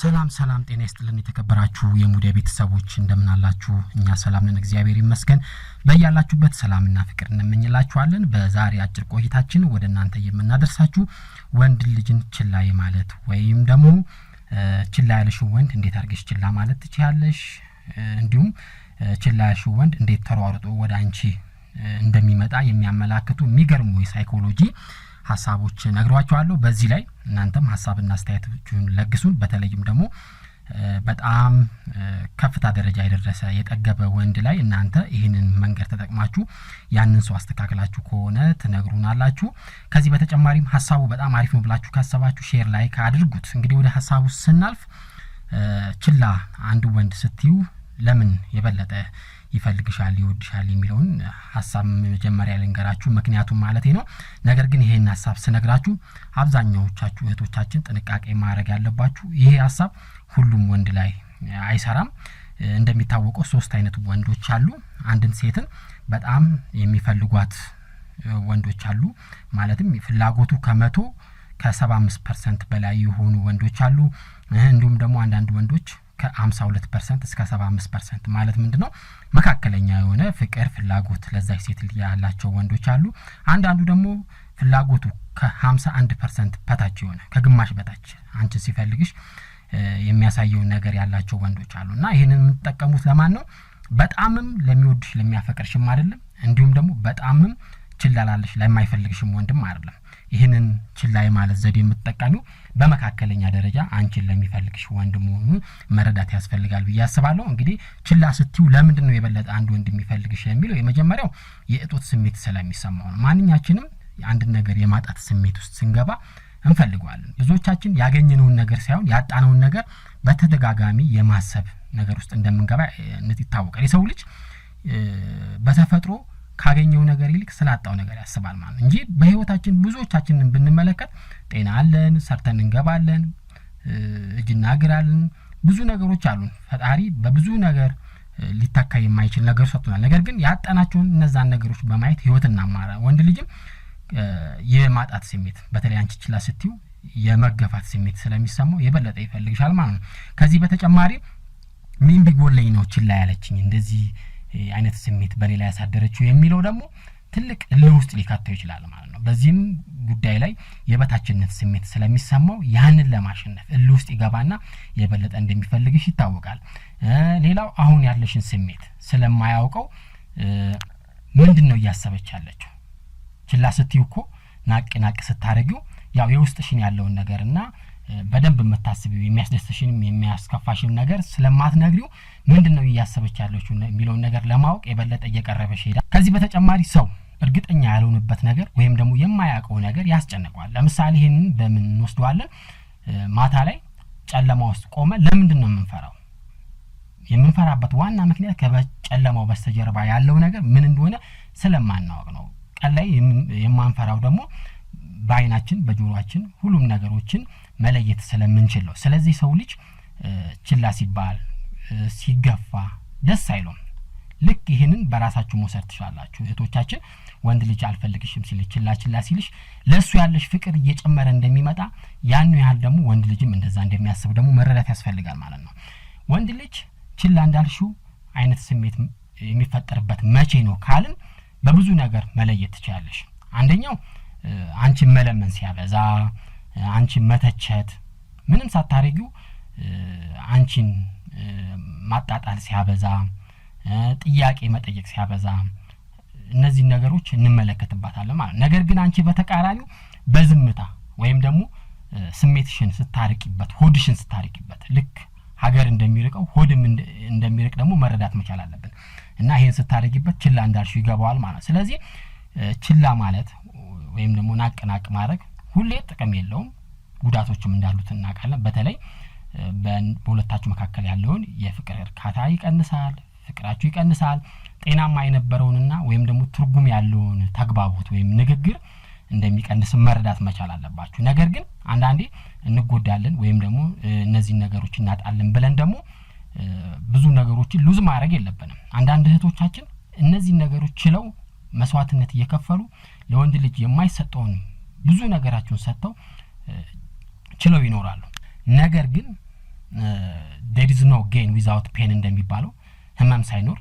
ሰላም ሰላም፣ ጤና ይስጥልን የተከበራችሁ የሙዲያ ቤተሰቦች እንደምናላችሁ፣ እኛ ሰላም ነን፣ እግዚአብሔር ይመስገን። በያላችሁበት ሰላምና ፍቅር እንመኝላችኋለን። በዛሬ አጭር ቆይታችን ወደ እናንተ የምናደርሳችሁ ወንድ ልጅን ችላ ማለት ወይም ደግሞ ችላ ያለሽው ወንድ እንዴት አድርገሽ ችላ ማለት ትችያለሽ፣ እንዲሁም ችላ ያልሽው ወንድ እንዴት ተሯሩጦ ወደ አንቺ እንደሚመጣ የሚያመላክቱ የሚገርሙ የሳይኮሎጂ ሀሳቦች ነግሯቸዋለሁ። በዚህ ላይ እናንተም ሀሳብና አስተያየቶችን ለግሱን። በተለይም ደግሞ በጣም ከፍታ ደረጃ የደረሰ የጠገበ ወንድ ላይ እናንተ ይህንን መንገድ ተጠቅማችሁ ያንን ሰው አስተካክላችሁ ከሆነ ትነግሩናላችሁ። ከዚህ በተጨማሪም ሀሳቡ በጣም አሪፍ ነው ብላችሁ ካሰባችሁ ሼር ላይክ አድርጉት። እንግዲህ ወደ ሀሳቡ ስናልፍ ችላ አንዱ ወንድ ስትዩ ለምን የበለጠ ይፈልግሻል፣ ይወድሻል የሚለውን ሀሳብ መጀመሪያ ልንገራችሁ፣ ምክንያቱም ማለት ነው። ነገር ግን ይሄን ሀሳብ ስነግራችሁ አብዛኛዎቻችሁ እህቶቻችን ጥንቃቄ ማድረግ ያለባችሁ ይሄ ሀሳብ ሁሉም ወንድ ላይ አይሰራም። እንደሚታወቀው ሶስት አይነት ወንዶች አሉ። አንድን ሴትን በጣም የሚፈልጓት ወንዶች አሉ። ማለትም ፍላጎቱ ከመቶ ከሰባ አምስት ፐርሰንት በላይ የሆኑ ወንዶች አሉ። እንዲሁም ደግሞ አንዳንድ ወንዶች ከ52 ፐርሰንት እስከ 75 ፐርሰንት ማለት ምንድን ነው? መካከለኛ የሆነ ፍቅር ፍላጎት ለዛች ሴት ያላቸው ወንዶች አሉ። አንዳንዱ ደግሞ ፍላጎቱ ከ51 ፐርሰንት በታች የሆነ ከግማሽ በታች አንቺን ሲፈልግሽ የሚያሳየውን ነገር ያላቸው ወንዶች አሉ እና ይህንን የምትጠቀሙት ለማን ነው? በጣምም ለሚወድሽ ለሚያፈቅርሽም አይደለም፣ እንዲሁም ደግሞ በጣምም ችላላለሽ ለማይፈልግሽም ወንድም አይደለም። ይህንን ችላ ማለት ዘዴ የምትጠቀሚው በመካከለኛ ደረጃ አንቺን ለሚፈልግሽ ወንድ መሆኑን መረዳት ያስፈልጋል ብዬ አስባለሁ። እንግዲህ ችላ ስትዩ ለምንድን ነው የበለጠ አንድ ወንድ የሚፈልግሽ የሚለው የመጀመሪያው የእጦት ስሜት ስለሚሰማው ነው። ማንኛችንም አንድን ነገር የማጣት ስሜት ውስጥ ስንገባ እንፈልገዋለን። ብዙዎቻችን ያገኘነውን ነገር ሳይሆን ያጣነውን ነገር በተደጋጋሚ የማሰብ ነገር ውስጥ እንደምንገባ ይታወቃል። የሰው ልጅ በተፈጥሮ ካገኘው ነገር ይልቅ ስላጣው ነገር ያስባል ማለት እንጂ በህይወታችን ብዙዎቻችንን ብንመለከት ጤና አለን፣ ሰርተን እንገባለን፣ እጅና እግር አለን፣ ብዙ ነገሮች አሉን። ፈጣሪ በብዙ ነገር ሊታካ የማይችል ነገር ሰጥቶናል። ነገር ግን ያጠናቸውን እነዛን ነገሮች በማየት ህይወት እናማራ። ወንድ ልጅም የማጣት ስሜት በተለይ አንቺ ችላ ስትዩ የመገፋት ስሜት ስለሚሰማው የበለጠ ይፈልግሻል ማለት ነው። ከዚህ በተጨማሪ ምን ቢጎለኝ ነው ችላ ያለችኝ እንደዚህ አይነት ስሜት በሌላ ያሳደረችው የሚለው ደግሞ ትልቅ እልህ ውስጥ ሊከተው ይችላል ማለት ነው። በዚህም ጉዳይ ላይ የበታችነት ስሜት ስለሚሰማው ያንን ለማሸነፍ እልህ ውስጥ ይገባና የበለጠ እንደሚፈልግሽ ይታወቃል። ሌላው አሁን ያለሽን ስሜት ስለማያውቀው ምንድን ነው እያሰበች ያለችው? ችላ ስትዩ እኮ ናቅ ናቅ ስታደርጊው ያው የውስጥሽን ያለውን ነገርና በደንብ የምታስቢው የሚያስደስትሽንም የሚያስከፋሽን ነገር ስለማትነግሪው ምንድን ነው እያሰበች ያለችው የሚለውን ነገር ለማወቅ የበለጠ እየቀረበሽ ሄዳል። ከዚህ በተጨማሪ ሰው እርግጠኛ ያልሆነበት ነገር ወይም ደግሞ የማያውቀው ነገር ያስጨንቀዋል። ለምሳሌ ይህንን በምን እንወስደዋለን? ማታ ላይ ጨለማ ውስጥ ቆመ ለምንድን ነው የምንፈራው? የምንፈራበት ዋና ምክንያት ከጨለማው በስተጀርባ ያለው ነገር ምን እንደሆነ ስለማናወቅ ነው። ቀን ላይ የማንፈራው ደግሞ በአይናችን በጆሮችን ሁሉም ነገሮችን መለየት ስለምንችል ነው። ስለዚህ ሰው ልጅ ችላ ሲባል ሲገፋ ደስ አይለውም። ልክ ይህንን በራሳችሁ መውሰድ ትችላላችሁ። እህቶቻችን ወንድ ልጅ አልፈልግሽም ሲልሽ ችላ ችላ ሲልሽ ለእሱ ያለሽ ፍቅር እየጨመረ እንደሚመጣ ያን ያህል ደግሞ ወንድ ልጅም እንደዛ እንደሚያስብ ደግሞ መረዳት ያስፈልጋል ማለት ነው። ወንድ ልጅ ችላ እንዳልሽው አይነት ስሜት የሚፈጠርበት መቼ ነው ካልን በብዙ ነገር መለየት ትችላለሽ። አንደኛው አንቺን መለመን ሲያበዛ፣ አንቺን መተቸት ምንም ሳታረጊው አንቺን ማጣጣል ሲያበዛ፣ ጥያቄ መጠየቅ ሲያበዛ እነዚህን ነገሮች እንመለከትባታለን ማለት ነገር ግን አንቺ በተቃራኒው በዝምታ ወይም ደግሞ ስሜትሽን ስታርቂበት፣ ሆድሽን ስታርቂበት ልክ ሀገር እንደሚርቀው ሆድም እንደሚርቅ ደግሞ መረዳት መቻል አለብን እና ይህን ስታርቂበት ችላ እንዳልሽው ይገባዋል ማለት ስለዚህ ችላ ማለት ወይም ደግሞ ናቅ ናቅ ማድረግ ሁሌ ጥቅም የለውም። ጉዳቶችም እንዳሉት እናውቃለን። በተለይ በሁለታችሁ መካከል ያለውን የፍቅር እርካታ ይቀንሳል፣ ፍቅራችሁ ይቀንሳል። ጤናማ የነበረውንና ወይም ደግሞ ትርጉም ያለውን ተግባቦት ወይም ንግግር እንደሚቀንስ መረዳት መቻል አለባችሁ። ነገር ግን አንዳንዴ እንጎዳለን ወይም ደግሞ እነዚህን ነገሮች እናጣለን ብለን ደግሞ ብዙ ነገሮችን ሉዝ ማድረግ የለብንም። አንዳንድ እህቶቻችን እነዚህን ነገሮች ችለው መስዋዕትነት እየከፈሉ ለወንድ ልጅ የማይሰጠውን ብዙ ነገራቸውን ሰጥተው ችለው ይኖራሉ። ነገር ግን ዴሪዝ ኖ ጌን ዊዛውት ፔን እንደሚባለው ህመም ሳይኖር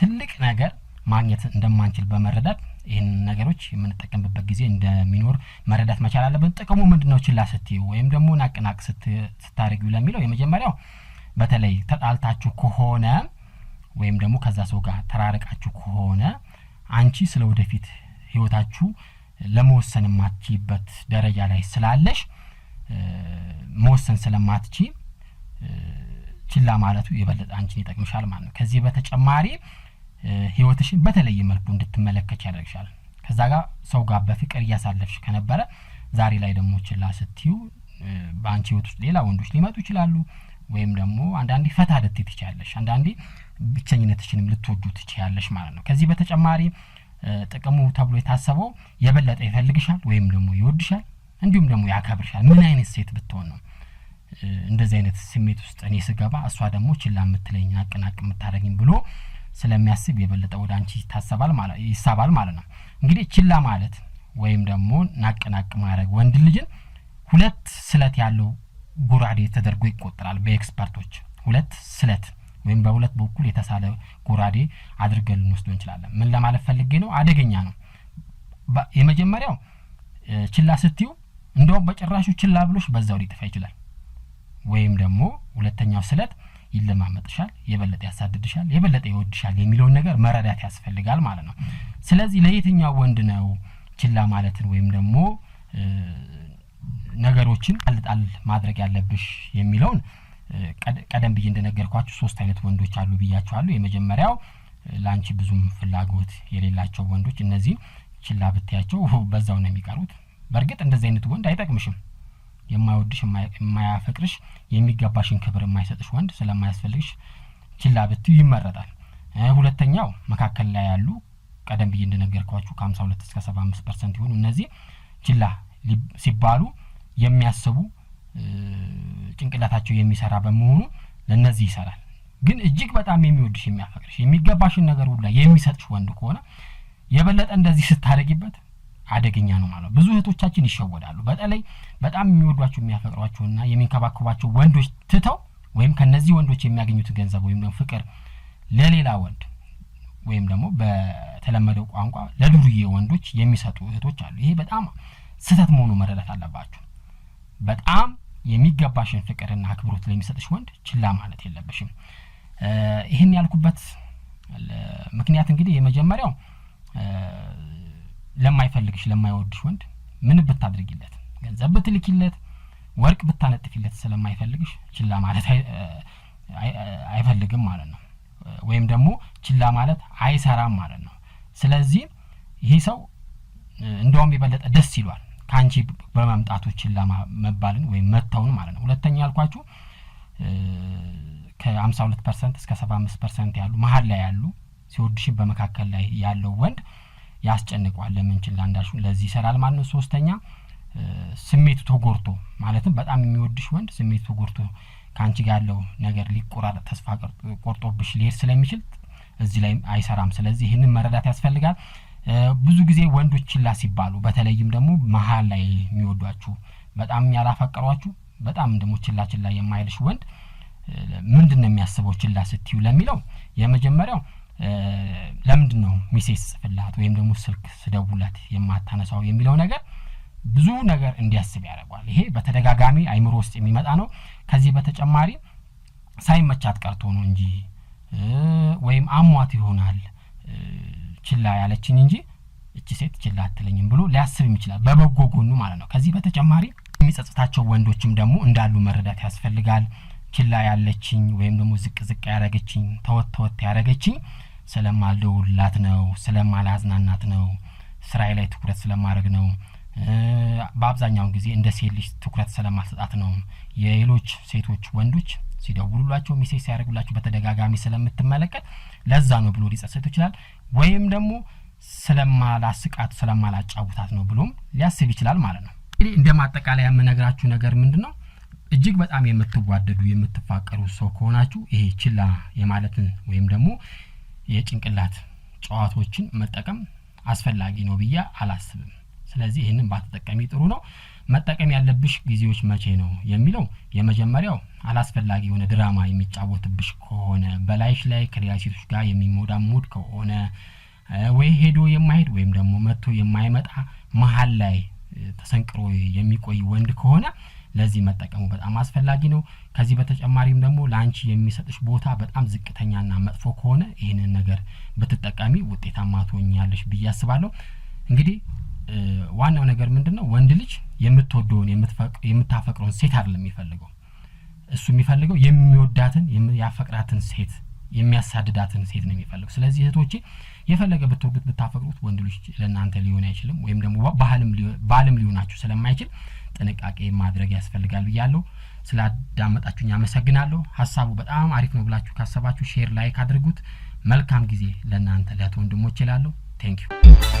ትልቅ ነገር ማግኘት እንደማንችል በመረዳት ይህን ነገሮች የምንጠቀምበት ጊዜ እንደሚኖር መረዳት መቻል አለብን። ጥቅሙ ምንድን ነው? ችላ ስትዩ ወይም ደግሞ ናቅናቅ ስታደርጊው ለሚለው የመጀመሪያው በተለይ ተጣልታችሁ ከሆነ ወይም ደግሞ ከዛ ሰው ጋር ተራርቃችሁ ከሆነ አንቺ ስለ ወደፊት ህይወታችሁ ለመወሰን የማትችይበት ደረጃ ላይ ስላለሽ መወሰን ስለማትች ችላ ማለቱ የበለጠ አንቺን ይጠቅምሻል ማለት ነው። ከዚህ በተጨማሪ ህይወትሽን በተለየ መልኩ እንድትመለከች ያደርግሻል። ከዛ ጋር ሰው ጋር በፍቅር እያሳለፍሽ ከነበረ ዛሬ ላይ ደግሞ ችላ ስትዩ በአንቺ ህይወት ውስጥ ሌላ ወንዶች ሊመጡ ይችላሉ። ወይም ደግሞ አንዳንዴ ፈታ ልት ትችያለሽ፣ አንዳንዴ ብቸኝነትሽንም ልትወጁ ትችያለሽ ማለት ነው። ከዚህ በተጨማሪ ጥቅሙ ተብሎ የታሰበው የበለጠ ይፈልግሻል ወይም ደግሞ ይወድሻል፣ እንዲሁም ደግሞ ያከብርሻል። ምን አይነት ሴት ብትሆን ነው እንደዚህ አይነት ስሜት ውስጥ እኔ ስገባ እሷ ደግሞ ችላ የምትለኝ አቅናቅ የምታደረግኝ ብሎ ስለሚያስብ የበለጠ ወደ አንቺ ይሳባል ማለት ነው። እንግዲህ ችላ ማለት ወይም ደግሞ ናቅናቅ ማድረግ ወንድ ልጅን ሁለት ስለት ያለው ጉራዴ ተደርጎ ይቆጠራል በኤክስፐርቶች። ሁለት ስለት ወይም በሁለት በኩል የተሳለ ጉራዴ አድርገን ልንወስዶ እንችላለን። ምን ለማለት ፈልጌ ነው? አደገኛ ነው። የመጀመሪያው ችላ ስትዩ እንደውም በጭራሹ ችላ ብሎሽ በዛው ሊጥፋ ይችላል። ወይም ደግሞ ሁለተኛው ስለት ይለማመጥሻል፣ የበለጠ ያሳድድሻል፣ የበለጠ ይወድሻል የሚለውን ነገር መረዳት ያስፈልጋል ማለት ነው። ስለዚህ ለየትኛው ወንድ ነው ችላ ማለትን ወይም ደግሞ ነገሮችን አልጣል ማድረግ ያለብሽ የሚለውን ቀደም ብዬ እንደነገርኳችሁ ሶስት አይነት ወንዶች አሉ ብያችኋሉ። የመጀመሪያው ለአንቺ ብዙም ፍላጎት የሌላቸው ወንዶች፣ እነዚህ ችላ ብትያቸው በዛው ነው የሚቀሩት። በእርግጥ እንደዚህ አይነት ወንድ አይጠቅምሽም። የማይወድሽ የማያፈቅርሽ፣ የሚገባሽን ክብር የማይሰጥሽ ወንድ ስለማያስፈልግሽ ችላ ብትዩ ይመረጣል። ሁለተኛው መካከል ላይ ያሉ ቀደም ብዬ እንደነገርኳችሁ ከሀምሳ ሁለት እስከ ሰባ አምስት ፐርሰንት የሆኑ እነዚህ ችላ ሲባሉ የሚያስቡ ጭንቅላታቸው የሚሰራ በመሆኑ ለእነዚህ ይሰራል። ግን እጅግ በጣም የሚወድሽ የሚያፈቅርሽ፣ የሚገባሽን ነገር ሁላ የሚሰጥሽ ወንድ ከሆነ የበለጠ እንደዚህ ስታደርጊበት አደገኛ ነው ማለት ነው። ብዙ እህቶቻችን ይሸወዳሉ። በተለይ በጣም የሚወዷቸው የሚያፈቅሯቸውና የሚንከባከቧቸው ወንዶች ትተው ወይም ከነዚህ ወንዶች የሚያገኙት ገንዘብ ወይም ደግሞ ፍቅር ለሌላ ወንድ ወይም ደግሞ በተለመደው ቋንቋ ለዱርዬ ወንዶች የሚሰጡ እህቶች አሉ። ይሄ በጣም ስህተት መሆኑ መረዳት አለባችሁ። በጣም የሚገባሽን ፍቅርና አክብሮት ለሚሰጥሽ ወንድ ችላ ማለት የለብሽም። ይህን ያልኩበት ምክንያት እንግዲህ የመጀመሪያው ለማይፈልግሽ ለማይወድሽ ወንድ ምን ብታድርጊለት፣ ገንዘብ ብትልኪለት፣ ወርቅ ብታነጥፊለት ስለማይፈልግሽ ችላ ማለት አይፈልግም ማለት ነው። ወይም ደግሞ ችላ ማለት አይሰራም ማለት ነው። ስለዚህ ይህ ሰው እንደውም የበለጠ ደስ ይሏል ከአንቺ በመምጣቱ ችላ መባልን ወይም መተውን ማለት ነው። ሁለተኛ ያልኳችሁ ከሀምሳ ሁለት ፐርሰንት እስከ ሰባ አምስት ፐርሰንት ያሉ መሀል ላይ ያሉ ሲወድሽን በመካከል ላይ ያለው ወንድ ያስጨንቀዋል። ለምን ችላ እንዳልሽው ለዚህ ይሰራል ማለት ነው። ሶስተኛ ስሜቱ ተጎርቶ ማለትም በጣም የሚወድሽ ወንድ ስሜቱ ተጎርቶ ከአንቺ ጋር ያለው ነገር ሊቆራረጥ ተስፋ ቆርጦብሽ ሊሄድ ስለሚችል እዚህ ላይ አይሰራም። ስለዚህ ይህንን መረዳት ያስፈልጋል። ብዙ ጊዜ ወንዶች ችላ ሲባሉ በተለይም ደግሞ መሀል ላይ የሚወዷችሁ በጣም ያላፈቀሯችሁ በጣም ደግሞ ችላ ችላ የማይልሽ ወንድ ምንድን ነው የሚያስበው ችላ ስትዩ ለሚለው የመጀመሪያው ለምንድን ነው ሚሴስ ጽፍላት ወይም ደግሞ ስልክ ስደውላት የማታነሳው የሚለው ነገር ብዙ ነገር እንዲያስብ ያደርጓል። ይሄ በተደጋጋሚ አይምሮ ውስጥ የሚመጣ ነው። ከዚህ በተጨማሪ ሳይመቻት ቀርቶ ነው እንጂ ወይም አሟት ይሆናል ችላ ያለችኝ እንጂ እቺ ሴት ችላ አትለኝም ብሎ ሊያስብም ይችላል፣ በበጎ ጎኑ ማለት ነው። ከዚህ በተጨማሪ የሚጸጽታቸው ወንዶችም ደግሞ እንዳሉ መረዳት ያስፈልጋል። ችላ ያለችኝ ወይም ደግሞ ዝቅ ዝቅ ያደረገችኝ ተወት ተወት ያደረገችኝ ስለማልደውላት ነው፣ ስለማላዝናናት ነው፣ ስራዬ ላይ ትኩረት ስለማድረግ ነው፣ በአብዛኛውን ጊዜ እንደ ሴት ልጅ ትኩረት ስለማልሰጣት ነው። የሌሎች ሴቶች ወንዶች ሲደውሉላቸው ሚሴጅ ሲያደርጉላቸው በተደጋጋሚ ስለምትመለከት ለዛ ነው ብሎ ሊጸጸት ይችላል። ወይም ደግሞ ስለማላስቃት ስለማላጫውታት ነው ብሎም ሊያስብ ይችላል ማለት ነው። እንግዲህ እንደ ማጠቃለያ የምነግራችሁ ነገር ምንድን ነው? እጅግ በጣም የምትዋደዱ የምትፋቀሩ ሰው ከሆናችሁ ይሄ ችላ የማለትን ወይም ደግሞ የጭንቅላት ጨዋታዎችን መጠቀም አስፈላጊ ነው ብዬ አላስብም። ስለዚህ ይህንን ባትጠቀሚ ጥሩ ነው። መጠቀም ያለብሽ ጊዜዎች መቼ ነው የሚለው የመጀመሪያው አላስፈላጊ የሆነ ድራማ የሚጫወትብሽ ከሆነ በላይሽ ላይ ከሌላ ሴቶች ጋር የሚሞዳሙድ ከሆነ ወይ ሄዶ የማይሄድ ወይም ደግሞ መጥቶ የማይመጣ መሀል ላይ ተሰንቅሮ የሚቆይ ወንድ ከሆነ ለዚህ መጠቀሙ በጣም አስፈላጊ ነው። ከዚህ በተጨማሪም ደግሞ ለአንቺ የሚሰጥሽ ቦታ በጣም ዝቅተኛና መጥፎ ከሆነ ይህንን ነገር ብትጠቀሚ ውጤታማ ትሆኛለሽ ብዬ አስባለሁ። እንግዲህ ዋናው ነገር ምንድን ነው? ወንድ ልጅ የምትወደውን የምታፈቅረውን ሴት አይደለም የሚፈልገው። እሱ የሚፈልገው የሚወዳትን ያፈቅራትን ሴት የሚያሳድዳትን ሴት ነው የሚፈልገው። ስለዚህ እህቶቼ የፈለገ ብትወዱት ብታፈቅሩት ወንድ ልጅ ለእናንተ ሊሆን አይችልም፣ ወይም ደግሞ ባልም ሊሆናችሁ ስለማይችል ጥንቃቄ ማድረግ ያስፈልጋል ብያለሁ። ስላዳመጣችሁኝ አመሰግናለሁ። ሀሳቡ በጣም አሪፍ ነው ብላችሁ ካሰባችሁ ሼር፣ ላይክ አድርጉት። መልካም ጊዜ ለእናንተ ለእህት ወንድሞች ይላለሁ። ቴንክ ዩ